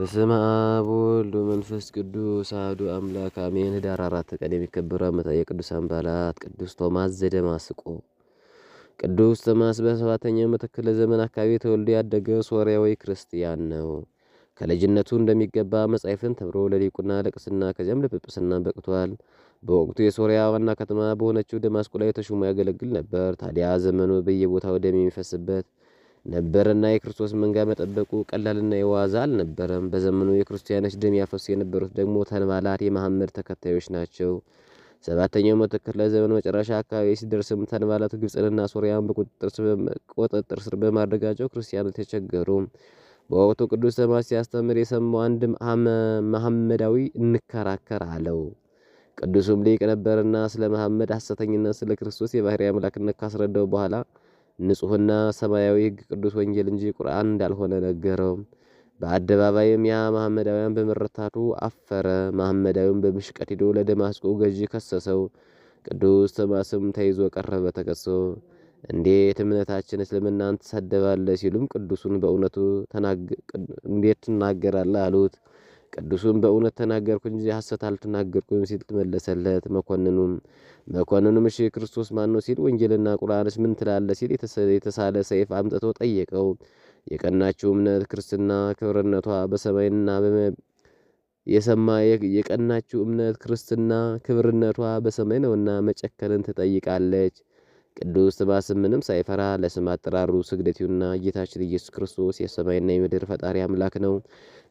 በስመ አብ ወወልድ ወመንፈስ ቅዱስ አሐዱ አምላክ አሜን። ህዳር አራት ቀን የሚከበሩ ዓመታዊ የቅዱሳን በዓላት ቅዱስ ቶማስ ዘደማስቆ። ቅዱስ ቶማስ በሰባተኛው መቶ ክፍለ ዘመን አካባቢ ተወልዶ ያደገ ሶርያዊ ክርስቲያን ነው። ከልጅነቱ እንደሚገባ መጻሕፍትን ተምሮ ለዲቁና ለቅስና ከዚያም ለጵጵስና በቅቷል። በወቅቱ የሶርያ ዋና ከተማ በሆነችው ደማስቆ ላይ ተሹሞ ያገለግል ነበር። ታዲያ ዘመኑ በየቦታው ደም የሚፈስበት ነበረና የክርስቶስ መንጋ መጠበቁ ቀላልና የዋዛ አልነበረም። በዘመኑ የክርስቲያኖች ደም ያፈሱ የነበሩት ደግሞ ተንባላት የመሐመድ ተከታዮች ናቸው። ሰባተኛው መቶ ክፍለ ዘመን መጨረሻ አካባቢ ሲደርስም ተንባላት ግብፅንና ሶሪያን በቁጥጥር ስር በማድረጋቸው ክርስቲያኖች ተቸገሩ። በወቅቱ ቅዱስ ቶማስ ሲያስተምር የሰማው አንድ መሐመዳዊ እንከራከር አለው። ቅዱሱም ሊቅ ነበርና ስለ መሐመድ ሐሰተኝነት ስለ ክርስቶስ የባህሪ አምላክነት ካስረዳው በኋላ ንጹሕና ሰማያዊ ሕግ ቅዱስ ወንጌል እንጂ ቁርአን እንዳልሆነ ነገረው። በአደባባይም ያ መሐመዳውያን በመረታቱ አፈረ። መሐመዳዊም በምሽቀት ሂዶ ለደማስቆ ገዢ ከሰሰው። ቅዱስ ቶማስም ተይዞ ቀረበ። ተከሶ እንዴት እምነታችን እስልምናን ትሰደባለ ሲሉም ቅዱሱን በእውነቱ እንዴት ትናገራለ አሉት። ቅዱሱም በእውነት ተናገርኩ እንጂ ሐሰት አልተናገርኩም ሲል ትመለሰለት። መኮንኑም መኮንኑም እሺ ክርስቶስ ማን ነው ሲል ወንጌልና ቁርአንስ ምን ትላለ ሲል የተሳለ ሰይፍ አምጥቶ ጠየቀው። የቀናችው እምነት ክርስትና ክብርነቷ በሰማይና የሰማ የቀናችው እምነት ክርስትና ክብርነቷ በሰማይ ነውና መጨከልን ትጠይቃለች። ቅዱስ ምንም ሳይፈራ ለስም አጠራሩ ስግደቱና ጌታችን ኢየሱስ ክርስቶስ የሰማይና የምድር ፈጣሪ አምላክ ነው።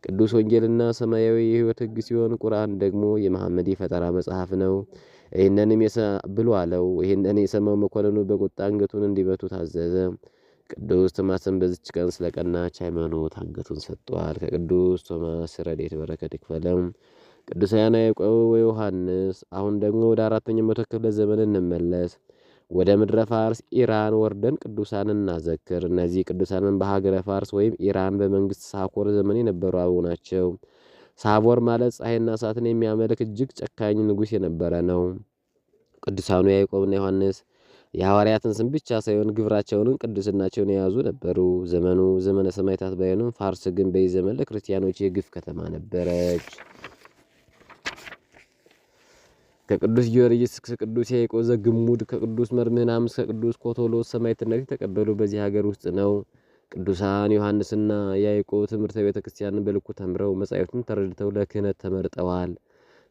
ቅዱስ ወንጌልና ሰማያዊ የህይወት ህግ ሲሆን ቁርአን ደግሞ የመሐመድ የፈጠራ መጽሐፍ ነው ይህንንም ብሎ አለው። ይህንን የሰማው መኮንኑ በቁጣ አንገቱን እንዲመቱ ታዘዘ። ቅዱስ ቶማስም በዚች ቀን ስለ ቀናች ሃይማኖት አንገቱን ሰጥቷል። ከቅዱስ ቶማስ ረድኤት በረከት ይክፈለም። ቅዱሳን ያዕቆብ ወዮሐንስ። አሁን ደግሞ ወደ አራተኛው መቶ ክፍለ ዘመን እንመለስ። ወደ ምድረ ፋርስ ኢራን ወርደን ቅዱሳንን እናዘክር። እነዚህ ቅዱሳንን በሀገረ ፋርስ ወይም ኢራን በመንግስት ሳኮር ዘመን የነበሩ አበው ናቸው። ሳቦር ማለት ፀሐይና እሳትን የሚያመልክ እጅግ ጨካኝ ንጉሥ የነበረ ነው። ቅዱሳኑ ያዕቆብና ዮሐንስ የሐዋርያትን ስም ብቻ ሳይሆን ግብራቸውንም ቅድስናቸውን የያዙ ነበሩ። ዘመኑ ዘመነ ሰማዕታት ባይሆንም ፋርስ ግን በዚህ ዘመን ለክርስቲያኖች የግፍ ከተማ ነበረች። ከቅዱስ ጊዮርጊስ ቅዱስ ያዕቆብ ዘግሙድ ከቅዱስ መርምህን ከቅዱስ ኮቶሎስ ሰማዕትነት የተቀበሉ በዚህ ሀገር ውስጥ ነው። ቅዱሳን ዮሐንስና ያዕቆብ ትምህርተ ቤተ ክርስቲያንን በልኩ ተምረው መጻሕፍትን ተረድተው ለክህነት ተመርጠዋል።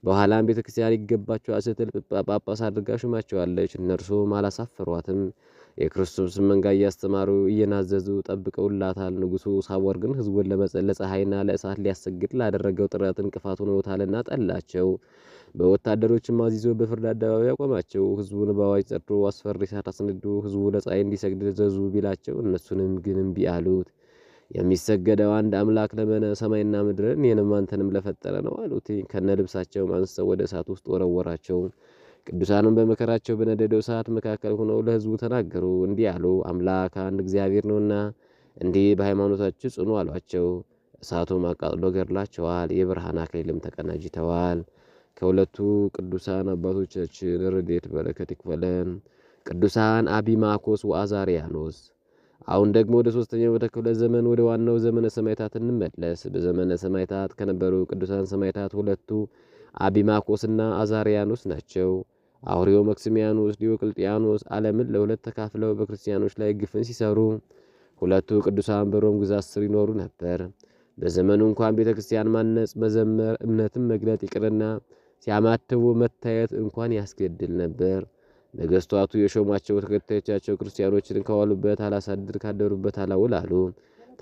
በኋላም ቤተ ክርስቲያን ይገባቸዋል ስትል ጳጳስ አድርጋ ሹማቸዋለች። እነርሱም አላሳፈሯትም። የክርስቶስን መንጋ እያስተማሩ እየናዘዙ ጠብቀውላታል። ንጉሱ ሳቦር ግን ህዝቡን ለፀሐይና ለእሳት ሊያሰግድ ላደረገው ጥረት እንቅፋት ሆኖታልና ጠላቸው። በወታደሮችም አዚዞ በፍርድ አደባባይ አቆማቸው። ህዝቡን በአዋጅ ጠርቶ አስፈሪ እሳት አስነዶ ህዝቡ ለፀሐይ እንዲሰግድ ዘዙ ቢላቸው እነሱንም ግን እምቢ አሉት። የሚሰገደው አንድ አምላክ ለመነ ሰማይና ምድርን የንም ለፈጠረ ነው አሉት። ከነ ልብሳቸውም አንስተው ወደ እሳት ውስጥ ወረወራቸው። ቅዱሳንም በመከራቸው በነደደው ሰዓት መካከል ሆነው ለሕዝቡ ተናገሩ፣ እንዲህ አሉ። አምላክ አንድ እግዚአብሔር ነውና እንዲህ በሃይማኖታችሁ ጽኑ አሏቸው። እሳቱም አቃጥሎ ገድላቸዋል፣ የብርሃን አክሊልም ተቀናጅተዋል። ከሁለቱ ቅዱሳን አባቶቻችን ረድኤት በረከት ይክፈለን። ቅዱሳን አቢማኮስ ወአዛርያኖስ አሁን ደግሞ ወደ ሶስተኛው ወደ ክፍለ ዘመን ወደ ዋናው ዘመነ ሰማይታት እንመለስ። በዘመነ ሰማይታት ከነበሩ ቅዱሳን ሰማይታት ሁለቱ አቢማኮስና አዛሪያኖስ ናቸው። አውሬው መክሲሚያኖስ፣ ዲዮቅልጥያኖስ ዓለምን ለሁለት ተካፍለው በክርስቲያኖች ላይ ግፍን ሲሰሩ ሁለቱ ቅዱሳን በሮም ግዛት ስር ይኖሩ ነበር። በዘመኑ እንኳን ቤተ ክርስቲያን ማነጽ፣ መዘመር፣ እምነትን መግለጥ ይቅርና ሲያማትቡ መታየት እንኳን ያስገድል ነበር። ነገስታቱ የሾማቸው ተከታዮቻቸው ክርስቲያኖችን ከዋሉበት አላሳድር ካደሩበት አላውል አሉ።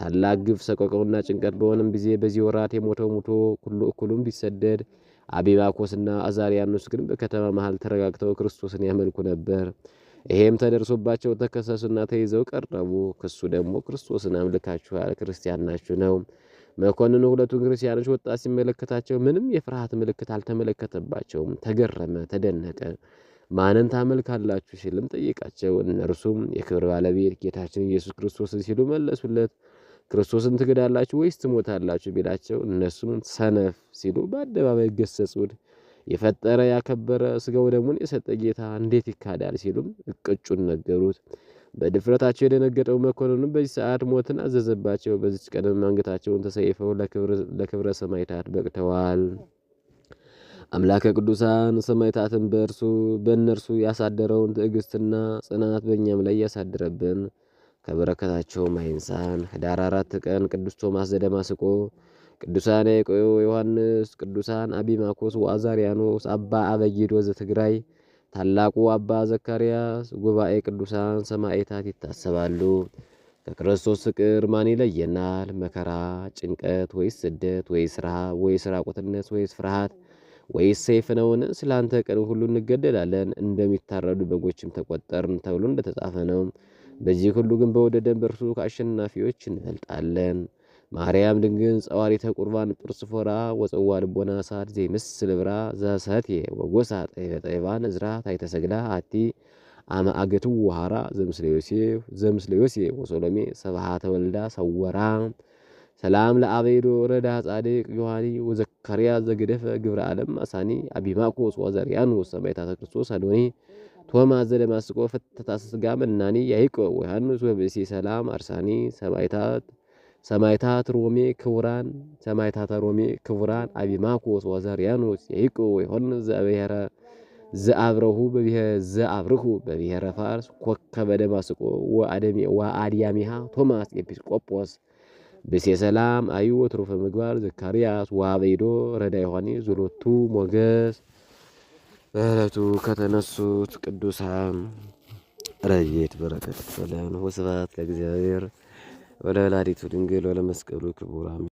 ታላቅ ግፍ ሰቆቀውና ጭንቀት በሆነም ጊዜ በዚህ ወራት የሞተው ሙቶ ሁሉ እኩሉም ቢሰደድ አቢባኮስና አዛሪያኖስ ግን በከተማ መሃል ተረጋግተው ክርስቶስን ያመልኩ ነበር። ይሄም ተደርሶባቸው ተከሰሱና ተይዘው ቀረቡ። ክሱ ደግሞ ክርስቶስን አምልካችኋል፣ ክርስቲያን ናችሁ ነው። መኮንኑ ሁለቱን ክርስቲያኖች ወጣት ሲመለከታቸው ምንም የፍርሃት ምልክት አልተመለከተባቸውም። ተገረመ፣ ተደነቀ። ማንን ታመልካላችሁ ሲልም ጠየቃቸው። እነርሱም የክብር ባለቤት ጌታችን ኢየሱስ ክርስቶስን ሲሉ መለሱለት። ክርስቶስን ትግዳላችሁ ወይስ ትሞታላችሁ ቢላቸው እነሱም ሰነፍ ሲሉ በአደባባይ ገሰጹት። የፈጠረ ያከበረ ስጋው ደሙን የሰጠ ጌታ እንዴት ይካዳል ሲሉም እቅጩን ነገሩት። በድፍረታቸው የደነገጠው መኮንኑ በዚህ ሰዓት ሞትን አዘዘባቸው። በዚች ቀደም አንገታቸውን ተሰይፈው ለክብረ ሰማዕታት በቅተዋል። አምላከ ቅዱሳን ሰማዕታትን በእርሱ በእነርሱ ያሳደረውን ትዕግስትና ጽናት በእኛም ላይ ያሳድረብን፣ ከበረከታቸው ማይንሳን። ህዳር አራት ቀን ቅዱስ ቶማስ ዘደማስቆ፣ ቅዱሳን ያዕቆብ ዮሐንስ፣ ቅዱሳን አቢማኮስ ወአዛርያኖስ፣ አባ አበጊዶ ዘትግራይ፣ ታላቁ አባ ዘካርያስ ጉባኤ ቅዱሳን ሰማዕታት ይታሰባሉ። ከክርስቶስ ፍቅር ማን ይለየናል? መከራ፣ ጭንቀት፣ ወይስ ስደት፣ ወይስ ረሃብ፣ ወይስ ራቁትነት፣ ወይስ ፍርሃት ወይስ ሰይፍ ነውን? ስለ አንተ ቀን ሁሉ እንገደላለን፣ እንደሚታረዱ በጎችም ተቆጠርን ተብሎ እንደተጻፈ ነው። በዚህ ሁሉ ግን በወደደን በእርሱ ከአሸናፊዎች እንበልጣለን። ማርያም ድንግን ጸዋሪተ ቁርባን ጵርስፎራ ወፀዋ ልቦና ሳት ዘይምስል ብራ ዘሰትየ ወጎሳ ጠይባን እዝራ ታይተሰግዳ አቲ አማአገቱ ውሃራ ዘምስለ ዮሴፍ ዘምስለ ዮሴፍ ሰብሃ ተወልዳ ሰወራ ሰላም ለአበይዶ ረዳ ጻድቅ ዮሐኒ ከሪያ ዘገደፈ ግብረ ዓለም አሳኒ አቢማኮስ ወዘሪያኖስ ሰማዕታተ ክርስቶስ አዶኒ ቶማ ዘለማስቆ ፍትታ ስጋ መናኒ ያዕቆብ ወዮሐንስ ወብእሲ ሰላም አርሳኒ ሰማይታት ሰማይታት ሮሜ ክቡራን ሰማይታት ሮሜ ክቡራን አቢማኮስ ወዘሪያኖስ ያዕቆብ ወዮሐንስ ዘአብሔረ ዘአብረሁ ዘአብርሁ በብሔረ ፋርስ ኮከበ ደማስቆ ወአድያሚሃ ቶማስ ኤጲስቆጶስ ብእሴ ሰላም አዩ ትሩፈ ምግባር ዘካርያስ ዋበይዶ ረዳ ዮሐንስ ዞሎቱ ሞገስ በዕለቱ ከተነሱት ቅዱሳን ረድኤት በረከት ይክፈለን። ወስብሐት ለእግዚአብሔር ወለወላዲቱ ድንግል ወለመስቀሉ ክቡር አሜን።